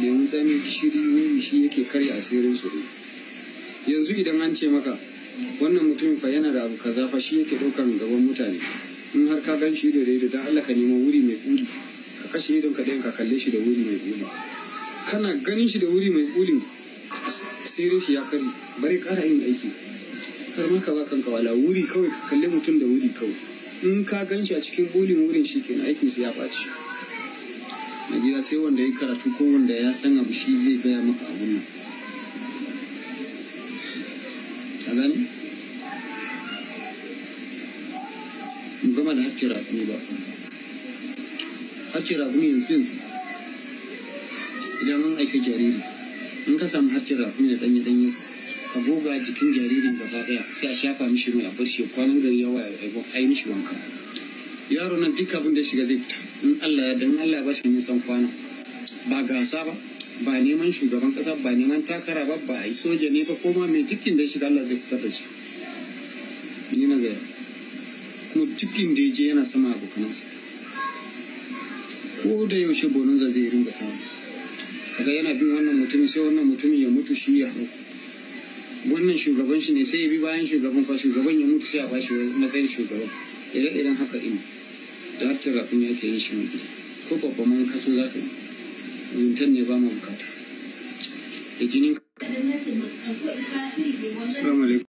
lemun sami gishiri wani shi yake karya asirin su yanzu idan an ce maka wannan mutumin fa yana da abu kaza fa shi yake ɗaukar gaban mutane in har ka gan shi da ido dan Allah ka nemo wuri mai kuli ka kashe idon ka ka kalle shi da wuri mai kuli kana ganin shi da wuri mai kuli asirin shi ya kare bare ƙara yin aiki kar ma ka ba kanka wala wuri kawai ka kalle mutum da wuri kawai in ka gan shi a cikin kulin wurin shi kenan aikinsa ya baci najira sai wanda ya karatu ko wanda ya san abu shi zai gaya maka abun nan a gani gama da harce rakuni ba harce rakuni yanzu yanzu idan an aika jariri in ka samu harce rakuni da ɗanyi su, ka buga jikin jaririn gaba ɗaya sai a shafa mishi mai a bar shi kwanan gari yawa a yi mishi wanka yaro nan duk abin da shiga zai fita in Allah ya dan Allah ba shi san kwana ba gasa ba ba neman shugaban kasa ba neman takara ba ba ai soja ne ba koma mai dukkin da shiga Allah zai fita da shi ni na ga kuma dukkin da je yana sama sa ko da yaushe bonanza zai ringa sama kaga yana bin wannan mutumin sai wannan mutumin ya mutu shi ya hau wannan shugaban shi ne sai ya bi bayan shugaban fa shugaban ya mutu sai a bashi matsayin shugaban ire-iren haka ina zartar rakumi ake yin shi mai ko babban man kaso za ka yi rintan ne ba ma bukata da jinin Assalamu alaikum.